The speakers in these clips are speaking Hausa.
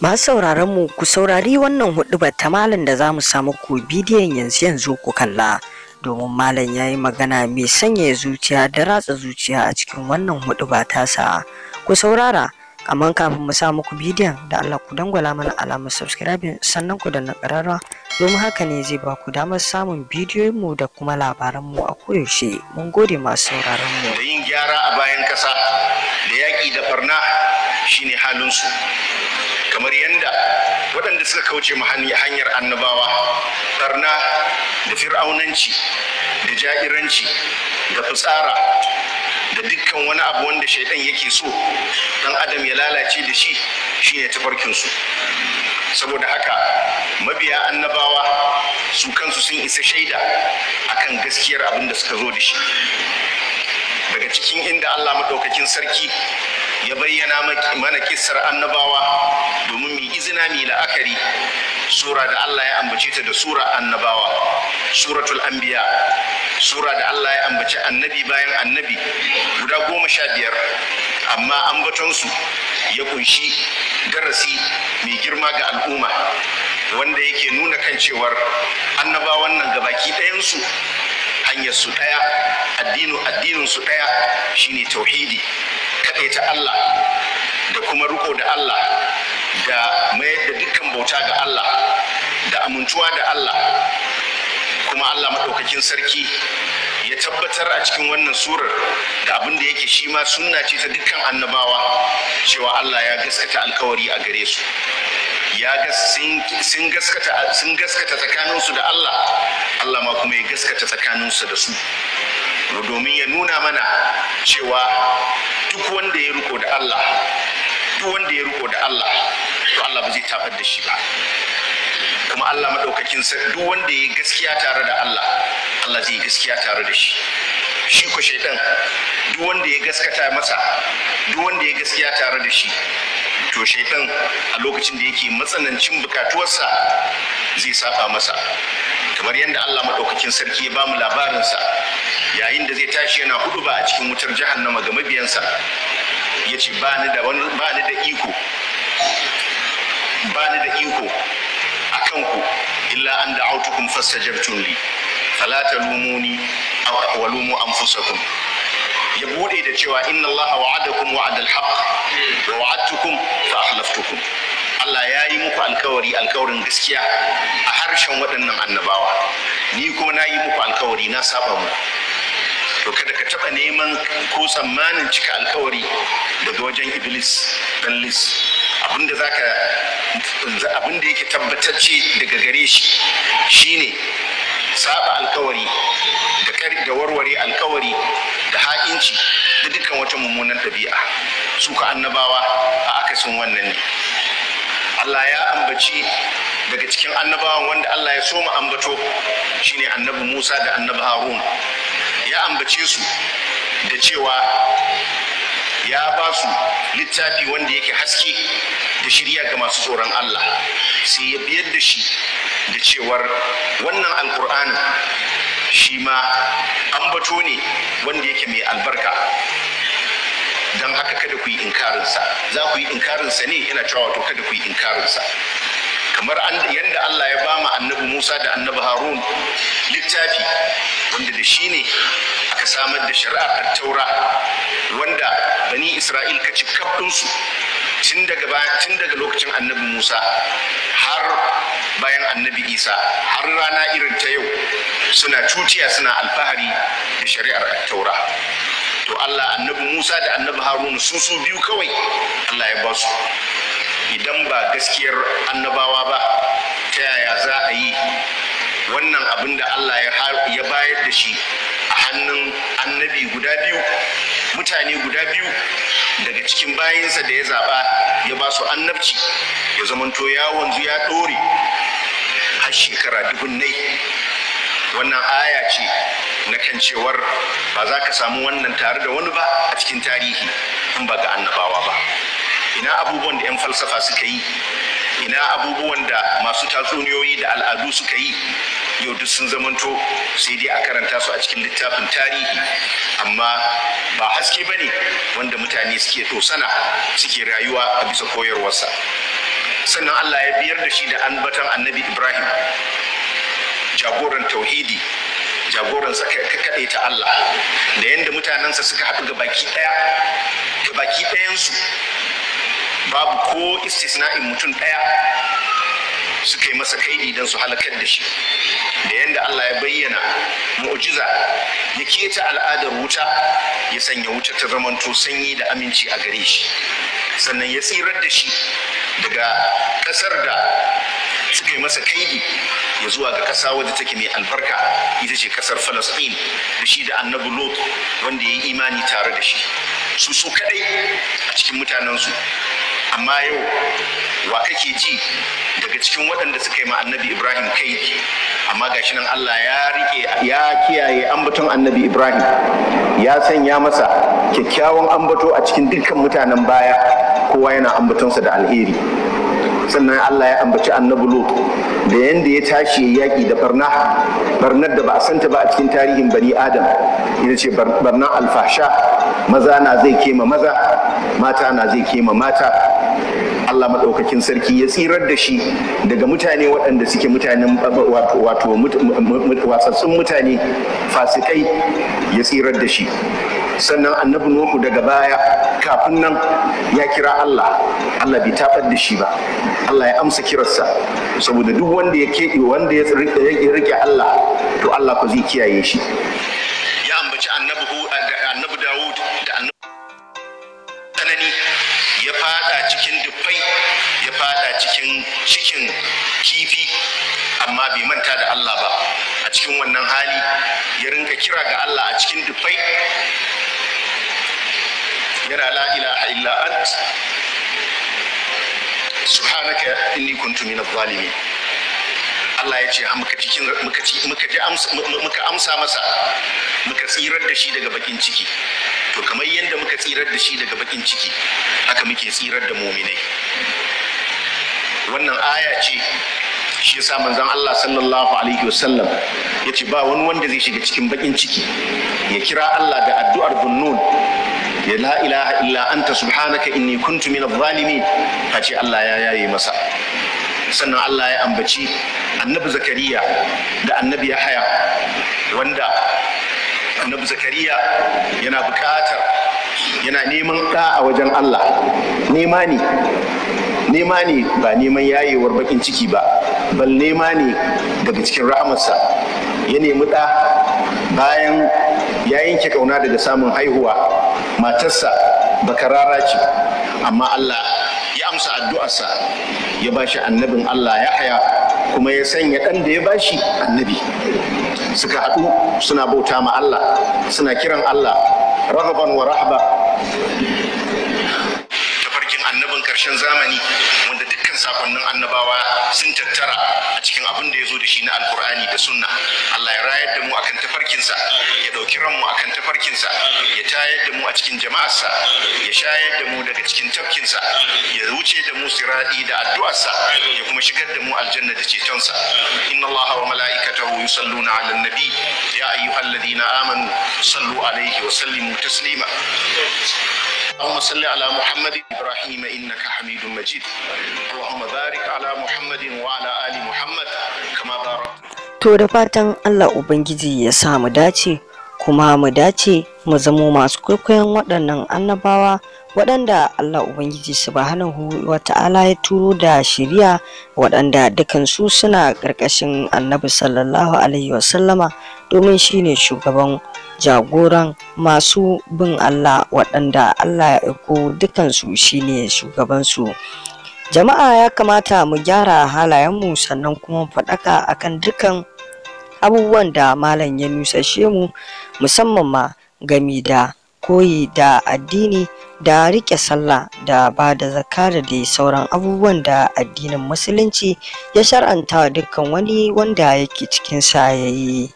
Masu sauraron mu ku saurari wannan ba ta malam da za mu samu ku bidiyon yanzu yanzu ku kalla domin malam ya yi magana mai sanya zuciya da ratsa zuciya a cikin wannan ba hudu ta sa, Ku saurara amma kafin mu samu ku bidiyon da Allah ku dangwala mana alamar subscribing sannan ku danna ƙararra domin haka ne zai ba ku damar samun bidiyoyin mu da kuma labaran mu a koyaushe mun gode masu sauraron mu da yin gyara a bayan kasa da yaki da farna shine halin su kamar yadda waɗanda suka kauce mu hanyar annabawa barna da fir'aunanci da ja'iranci da fitsara da dukkan wani abu wanda shaidan yake so dan adam ya lalace da shi shine tafarkinsu saboda haka mabiya annabawa su kansu sun isa shaida akan gaskiyar abin da suka zo da shi daga cikin inda allah maɗaukakin sarki ya bayyana mana ƙisar annabawa domin mu izina mu la'akari sura da Allah ya ambace ta da sura annabawa suratul anbiya sura da Allah ya ambaci annabi bayan annabi guda goma sha biyar amma an su ya kunshi darasi mai girma ga al'umma wanda yake nuna kan cewar annabawan nan baki ɗayansu hanyar su ɗaya addinin su ɗaya shine tauhidi ta Allah da kuma riko da Allah da mayar da dukkan bauta ga Allah da amintuwa da Allah kuma Allah maɗaukakin sarki ya tabbatar a cikin wannan surar da abin da yake shi ma sunna ce ta dukkan annabawa cewa Allah ya gaskata alkawari a gare su ya sun gaskata sun gaskata tsakaninsu da Allah Allah ma kuma ya gaskata tsakaninsu da su domin ya nuna mana cewa duk wanda ya riko da Allah duk wanda ya riko da Allah to Allah ba zai tafar da shi ba kuma Allah madaukakin sa duk wanda ya gaskiya tare da Allah Allah zai gaskiya tare da shi shi ko shaidan duk wanda ya gaskata masa duk wanda ya gaskiya tare da shi to shaitan a lokacin da yake matsanancin bukatuwarsa zai saba masa kamar yadda Allah maɗaukakin sarki ya ba labarin labarinsa yayin da zai tashi yana hudu ba a cikin wutar jahannama ga mabiyansa ya ce ba ni da iko ba ni da iko a kanku illa an da autukun fastajartun li falata lumuni wa lumu fusakun. ya bude da cewa inna allaha wa'adakum wa'adal haqq wa wa'adtukum fa ahlaftukum Allah ya yi muku alkawari alkawarin gaskiya a harshen waɗannan annabawa ni kuma na yi muku alkawari na saba muku to kada ka taba neman ko tsammanin cika alkawari daga wajen iblis dan lis abinda zaka abinda yake tabbatacce daga gare shi shine saba alkawari da da warware alkawari da ha'inci da dukkan wata mummunan ɗabi'a su ka annabawa a akasin wannan ne Allah ya ambaci daga cikin annabawan wanda Allah ya so mu ambato shine annabi Musa da annabi Harun ya ambace su da cewa ya ba su littafi wanda yake haske da shirya ga masu tsoron Allah sai ya biyar da shi da cewar wannan alkur'anin shi ma ambato ne wanda yake mai albarka don haka kada ku yi inkarinsa za ku yi inkarinsa ne yana cewa wato kada ku yi inkarinsa kamar yadda Allah ya ba annabi Musa da annabi Harun littafi wanda da shi ne aka samar da shari'ar taura wanda bani Isra'il ka ci kaɗinsu tun daga tun daga lokacin annabi Musa har bayan annabi Isa har rana irin ta yau suna cutiya suna alfahari da shari'ar taura to Allah annabi Musa da annabi Harun su su biyu kawai Allah ya ba su idan ba gaskiyar annabawa ba ta yaya za a yi wannan abin da Allah ya bayar da shi a hannun annabi guda biyu mutane guda biyu daga cikin bayinsa da ya zaba ya ba su annabci ya zamanto ya wanzu ya ɗore har shekara nai, wannan aya ce na kan cewar ba za ka samu wannan tare da wani ba a cikin tarihi in ba ga annabawa ba. ina abubuwan da 'yan falsafa suka yi ina abubuwan da masu tatsuniyoyi da al'adu suka yi yau duk sun zamanto sai dai a karanta su a cikin littafin tarihi amma ba haske ba ne wanda mutane suke tosana suke rayuwa a bisa koyarwarsa sannan allah ya biyar da shi da ambatan annabi ibrahim jagoran tauhidi jagoransa kaɗai ta allah da yadda mutanensa suka haɗu ga baki ɗaya ga baki ɗayansu babu ko istisna'in mutum ɗaya suka yi masa kaidi don su halakar da shi da yadda Allah ya bayyana mu'ujiza ya keta al'adar wuta ya sanya wuta ta zamanto sanyi da aminci a gare shi sannan ya tsirar da shi daga ƙasar da suka yi masa kaidi ya zuwa ga ƙasa wadda take mai albarka ita ce ƙasar falasɗin da shi da annabi lot wanda ya yi imani tare da shi su su kaɗai a cikin mutanensu amma yau wa kake ji daga cikin waɗanda suka yi ma annabi ibrahim kai amma gashi nan allah ya rike ya kiyaye ambaton annabi ibrahim ya sanya masa kyakkyawan ambato a cikin dukkan mutanen baya kowa yana ambatonsa da alheri sannan allah ya ambaci annabi lut da yanda ya tashi ya yaƙi da barna barnar da ba a santa ba a cikin tarihin bani adam ita ce barnar alfasha maza na zai kema maza mata na zai kema mata Allah maɗaukakin sarki ya tsirar da shi daga mutane waɗanda suke mutanen wato wasassun mutane fasikai ya tsirar da shi sannan annabi Nuhu daga baya kafin nan ya kira Allah Allah bai tabar da shi ba Allah ya amsa kirarsa saboda duk wanda ya wanda ya rike Allah to Allah ko zai kiyaye shi cikin cikin kifi amma bai manta da Allah ba a cikin wannan hali ya rinka kira ga Allah a cikin dufai yana la ilaha illa ant subhanaka inni kuntu minadh zalimin Allah ya ce muka amsa masa muka tsirar da shi daga bakin ciki to kamar yadda muka tsirar da shi daga bakin ciki haka muke tsirar da muminai wannan aya ce shi yasa manzon Allah sallallahu alaihi wasallam ya ce ba wani wanda zai shiga cikin bakin ciki ya kira Allah da addu'ar gunnun ya la ilaha illa anta subhanaka inni kuntu minadh A ce Allah ya yaye masa sannan Allah ya ambaci annabi zakariya da annabi yahaya wanda annabi zakariya yana bukatar yana neman ɗa a wajen Allah nema ne nema ne ba neman yayewar bakin ciki ba bal nema ne daga cikin rahamarsa ya nemi ɗa bayan ya yanke kauna daga samun haihuwa matarsa rara ce amma Allah ya amsa addu'arsa ya bashi annabin Allah ya haya kuma ya sanya ɗan da ya bashi annabi suka haɗu suna bauta ma Allah suna kiran Allah rahaban wa rahaba annabin karshen zamani wanda dukkan sakonnin annabawa sun tattara a cikin abin da ya zo da shi na alkur'ani da sunna Allah ya rayar da mu akan tafarkinsa ya ɗauki ranmu akan tafarkinsa ya tayar da mu a cikin jama'arsa ya shayar da mu daga cikin tafkinsa ya wuce da mu siradi da addu'arsa ya kuma shigar da mu aljanna da cetonsa inna Allah wa mala'ikatahu yusalluna 'alan nabi ya ayyuhalladhina amanu sallu alaihi wa sallimu taslima اللهم صل على محمد ابراهيم انك حميد مجيد اللهم بارك على محمد وعلى ال محمد كما باركت To da fatan Allah Ubangiji ya sa mu dace, kuma mu dace mu zamo masu kwaikwayon waɗannan annabawa waɗanda Allah Ubangiji subhanahu wa ta'ala ya turo da shiriya waɗanda dukansu suna ƙarƙashin annabi sallallahu alaihi wasallama domin shine shugaban jagoran masu bin Allah waɗanda Allah ya aiko dukansu shine shugabansu jama'a ya kamata mu gyara halayenmu sannan kuma faɗaka akan dukan abubuwan da malam ya nusashe mu musamman ma gami da koyi da addini da riƙe sallah da ba da zakka da dai sauran abubuwan da addinin musulunci ya shar'anta dukkan wani wanda yake cikin sa yayi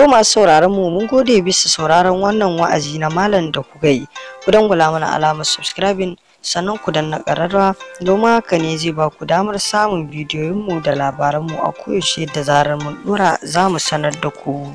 To masu sauraron mu mun gode bisa sauraron wannan wa'azi na malam da kuka yi. Ku dangula mana alamar subscribing sannan ku danna ƙararra domin haka ne zai ba ku damar samun bidiyoyinmu da labaran mu a koyaushe da zarar mun dora za mu sanar da ku.